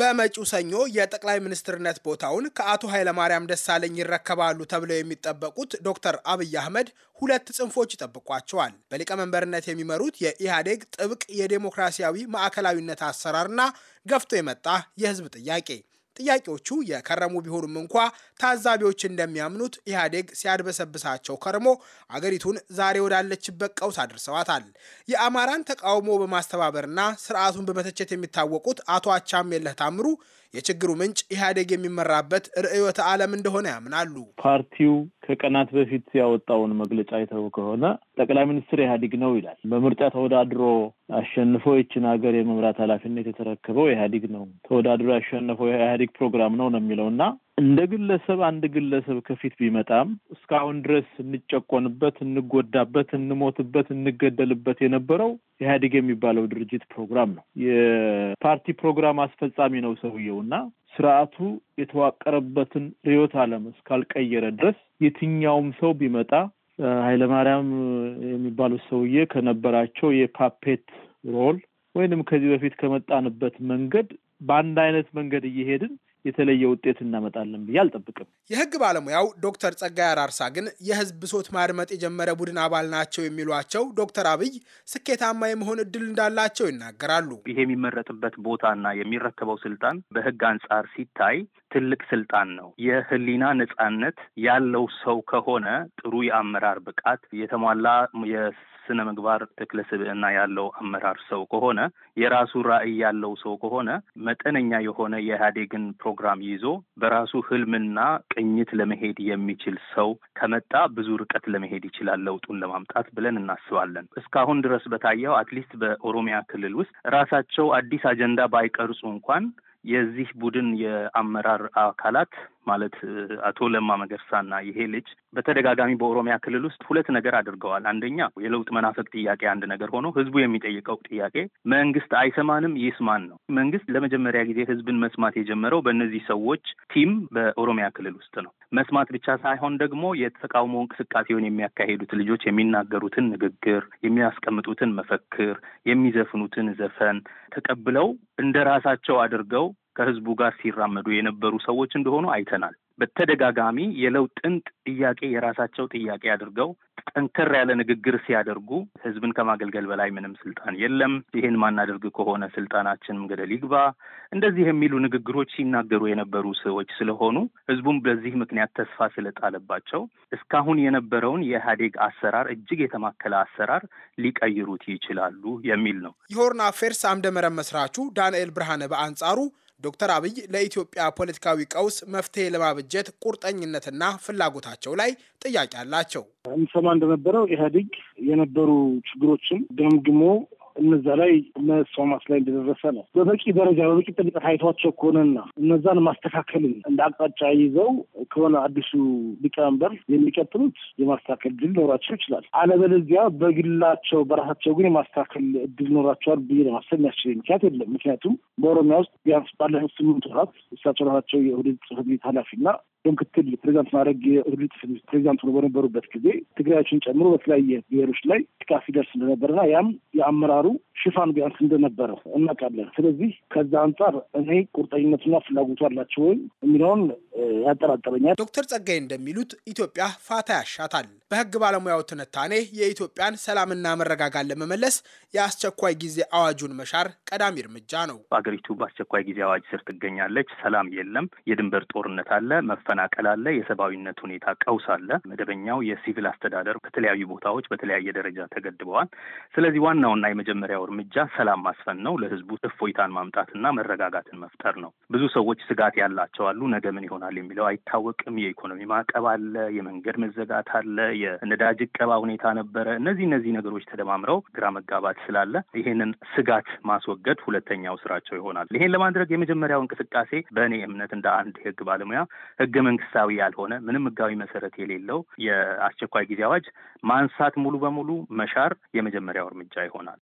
በመጪው ሰኞ የጠቅላይ ሚኒስትርነት ቦታውን ከአቶ ኃይለማርያም ደሳለኝ ይረከባሉ ተብለው የሚጠበቁት ዶክተር አብይ አህመድ ሁለት ጽንፎች ይጠብቋቸዋል። በሊቀመንበርነት የሚመሩት የኢህአዴግ ጥብቅ የዴሞክራሲያዊ ማዕከላዊነት አሰራርና ገፍቶ የመጣ የህዝብ ጥያቄ ጥያቄዎቹ የከረሙ ቢሆኑም እንኳ ታዛቢዎች እንደሚያምኑት ኢህአዴግ ሲያድበሰብሳቸው ከርሞ አገሪቱን ዛሬ ወዳለችበት ቀውስ አድርሰዋታል። የአማራን ተቃውሞ በማስተባበርና ስርዓቱን በመተቸት የሚታወቁት አቶ አቻምየለህ ታምሩ የችግሩ ምንጭ ኢህአዴግ የሚመራበት ርዕዮተ ዓለም እንደሆነ ያምናሉ። ፓርቲው ከቀናት በፊት ያወጣውን መግለጫ አይተው ከሆነ ጠቅላይ ሚኒስትር ኢህአዲግ ነው ይላል። በምርጫ ተወዳድሮ አሸንፎ ይችን ሀገር የመምራት ኃላፊነት የተረከበው ኢህአዲግ ነው፣ ተወዳድሮ ያሸነፈው የኢህአዲግ ፕሮግራም ነው ነው የሚለው እና እንደ ግለሰብ አንድ ግለሰብ ከፊት ቢመጣም እስካሁን ድረስ እንጨቆንበት፣ እንጎዳበት፣ እንሞትበት፣ እንገደልበት የነበረው ኢህአዲግ የሚባለው ድርጅት ፕሮግራም ነው። የፓርቲ ፕሮግራም አስፈጻሚ ነው ሰውየው እና ስርዓቱ የተዋቀረበትን ርዕዮተ ዓለም እስካልቀየረ ድረስ የትኛውም ሰው ቢመጣ ኃይለማርያም የሚባሉት ሰውዬ ከነበራቸው የፓፔት ሮል ወይንም ከዚህ በፊት ከመጣንበት መንገድ በአንድ አይነት መንገድ እየሄድን የተለየ ውጤት እናመጣለን ብዬ አልጠብቅም። የህግ ባለሙያው ዶክተር ጸጋይ አራርሳ ግን የህዝብ ሶት ማድመጥ የጀመረ ቡድን አባል ናቸው የሚሏቸው ዶክተር አብይ ስኬታማ የመሆን እድል እንዳላቸው ይናገራሉ። ይሄ የሚመረጥበት ቦታና የሚረከበው ስልጣን በህግ አንጻር ሲታይ ትልቅ ስልጣን ነው። የህሊና ነጻነት ያለው ሰው ከሆነ ጥሩ የአመራር ብቃት የተሟላ የስነ ምግባር ተክለ ስብዕና ያለው አመራር ሰው ከሆነ የራሱ ራዕይ ያለው ሰው ከሆነ መጠነኛ የሆነ የኢህአዴግን ፕሮግራም ይዞ በራሱ ህልምና ቅኝት ለመሄድ የሚችል ሰው ከመጣ ብዙ ርቀት ለመሄድ ይችላል ለውጡን ለማምጣት ብለን እናስባለን። እስካሁን ድረስ በታየው አትሊስት በኦሮሚያ ክልል ውስጥ ራሳቸው አዲስ አጀንዳ ባይቀርጹ እንኳን የዚህ ቡድን የአመራር አካላት ማለት አቶ ለማ መገርሳና ይሄ ልጅ በተደጋጋሚ በኦሮሚያ ክልል ውስጥ ሁለት ነገር አድርገዋል። አንደኛ የለውጥ መናፈቅ ጥያቄ አንድ ነገር ሆኖ ህዝቡ የሚጠይቀው ጥያቄ መንግስት አይሰማንም ይስማን ነው። መንግስት ለመጀመሪያ ጊዜ ህዝብን መስማት የጀመረው በእነዚህ ሰዎች ቲም በኦሮሚያ ክልል ውስጥ ነው። መስማት ብቻ ሳይሆን ደግሞ የተቃውሞ እንቅስቃሴውን የሚያካሂዱት ልጆች የሚናገሩትን ንግግር፣ የሚያስቀምጡትን መፈክር፣ የሚዘፍኑትን ዘፈን ተቀብለው እንደ ራሳቸው አድርገው ከህዝቡ ጋር ሲራመዱ የነበሩ ሰዎች እንደሆኑ አይተናል። በተደጋጋሚ የለውጥ ጥንቅ ጥያቄ የራሳቸው ጥያቄ አድርገው ጠንከር ያለ ንግግር ሲያደርጉ ህዝብን ከማገልገል በላይ ምንም ስልጣን የለም፣ ይህን ማናደርግ ከሆነ ስልጣናችንም ገደል ይግባ፣ እንደዚህ የሚሉ ንግግሮች ሲናገሩ የነበሩ ሰዎች ስለሆኑ ህዝቡም በዚህ ምክንያት ተስፋ ስለጣለባቸው እስካሁን የነበረውን የኢህአዴግ አሰራር እጅግ የተማከለ አሰራር ሊቀይሩት ይችላሉ የሚል ነው። የሆርን አፌርስ አምደመረብ መስራቹ ዳንኤል ብርሃነ በአንጻሩ ዶክተር አብይ ለኢትዮጵያ ፖለቲካዊ ቀውስ መፍትሄ ለማበጀት ቁርጠኝነትና ፍላጎታቸው ላይ ጥያቄ አላቸው። እንሰማ እንደነበረው ኢህአዴግ የነበሩ ችግሮችን ገምግሞ እነዛ ላይ መስማማት ላይ እንደደረሰ ነው። በበቂ ደረጃ በበቂ ጥልቀት አይቷቸው ከሆነና እነዛን ማስተካከልን እንደ አቅጣጫ ይዘው ከሆነ አዲሱ ሊቀመንበር የሚቀጥሉት የማስተካከል እድል ኖራቸው ይችላል። አለበለዚያ በግላቸው በራሳቸው ግን የማስተካከል እድል ኖራቸዋል ብዬ ለማሰብ የሚያስችል ምክንያት የለም። ምክንያቱም በኦሮሚያ ውስጥ ቢያንስ ባለፉት ስምንት ወራት እሳቸው ራሳቸው የኦህዴድ ጽሕፈት ቤት ኃላፊና በምክትል ፕሬዚዳንት ማድረግ የኦህዴድ ጽሕፈት ቤት ፕሬዚዳንት ሆኖ በነበሩበት ጊዜ ትግራዮችን ጨምሮ በተለያየ ብሔሮች ላይ ጥቃት ሲደርስ እንደነበረና ያም የአመራሩ ஆனாலும் ሽፋን ቢያንስ እንደነበረ እናውቃለን። ስለዚህ ከዛ አንጻር እኔ ቁርጠኝነቱና ፍላጎቱ አላቸው ወይም የሚለውን ያጠራጠረኛል። ዶክተር ጸጋይ እንደሚሉት ኢትዮጵያ ፋታ ያሻታል። በህግ ባለሙያው ትንታኔ የኢትዮጵያን ሰላምና መረጋጋት ለመመለስ የአስቸኳይ ጊዜ አዋጁን መሻር ቀዳሚ እርምጃ ነው። አገሪቱ በአስቸኳይ ጊዜ አዋጅ ስር ትገኛለች። ሰላም የለም። የድንበር ጦርነት አለ። መፈናቀል አለ። የሰብአዊነት ሁኔታ ቀውስ አለ። መደበኛው የሲቪል አስተዳደር በተለያዩ ቦታዎች በተለያየ ደረጃ ተገድበዋል። ስለዚህ ዋናውና የመጀመሪያው እርምጃ ሰላም ማስፈን ነው። ለህዝቡ እፎይታን ማምጣትና መረጋጋትን መፍጠር ነው። ብዙ ሰዎች ስጋት ያላቸው አሉ። ነገ ምን ይሆናል የሚለው አይታወቅም። የኢኮኖሚ ማዕቀብ አለ፣ የመንገድ መዘጋት አለ፣ የነዳጅ እቀባ ሁኔታ ነበረ። እነዚህ እነዚህ ነገሮች ተደማምረው ግራ መጋባት ስላለ ይሄንን ስጋት ማስወገድ ሁለተኛው ስራቸው ይሆናል። ይሄን ለማድረግ የመጀመሪያው እንቅስቃሴ በእኔ እምነት እንደ አንድ ህግ ባለሙያ ህገ መንግስታዊ ያልሆነ ምንም ህጋዊ መሰረት የሌለው የአስቸኳይ ጊዜ አዋጅ ማንሳት ሙሉ በሙሉ መሻር የመጀመሪያው እርምጃ ይሆናል።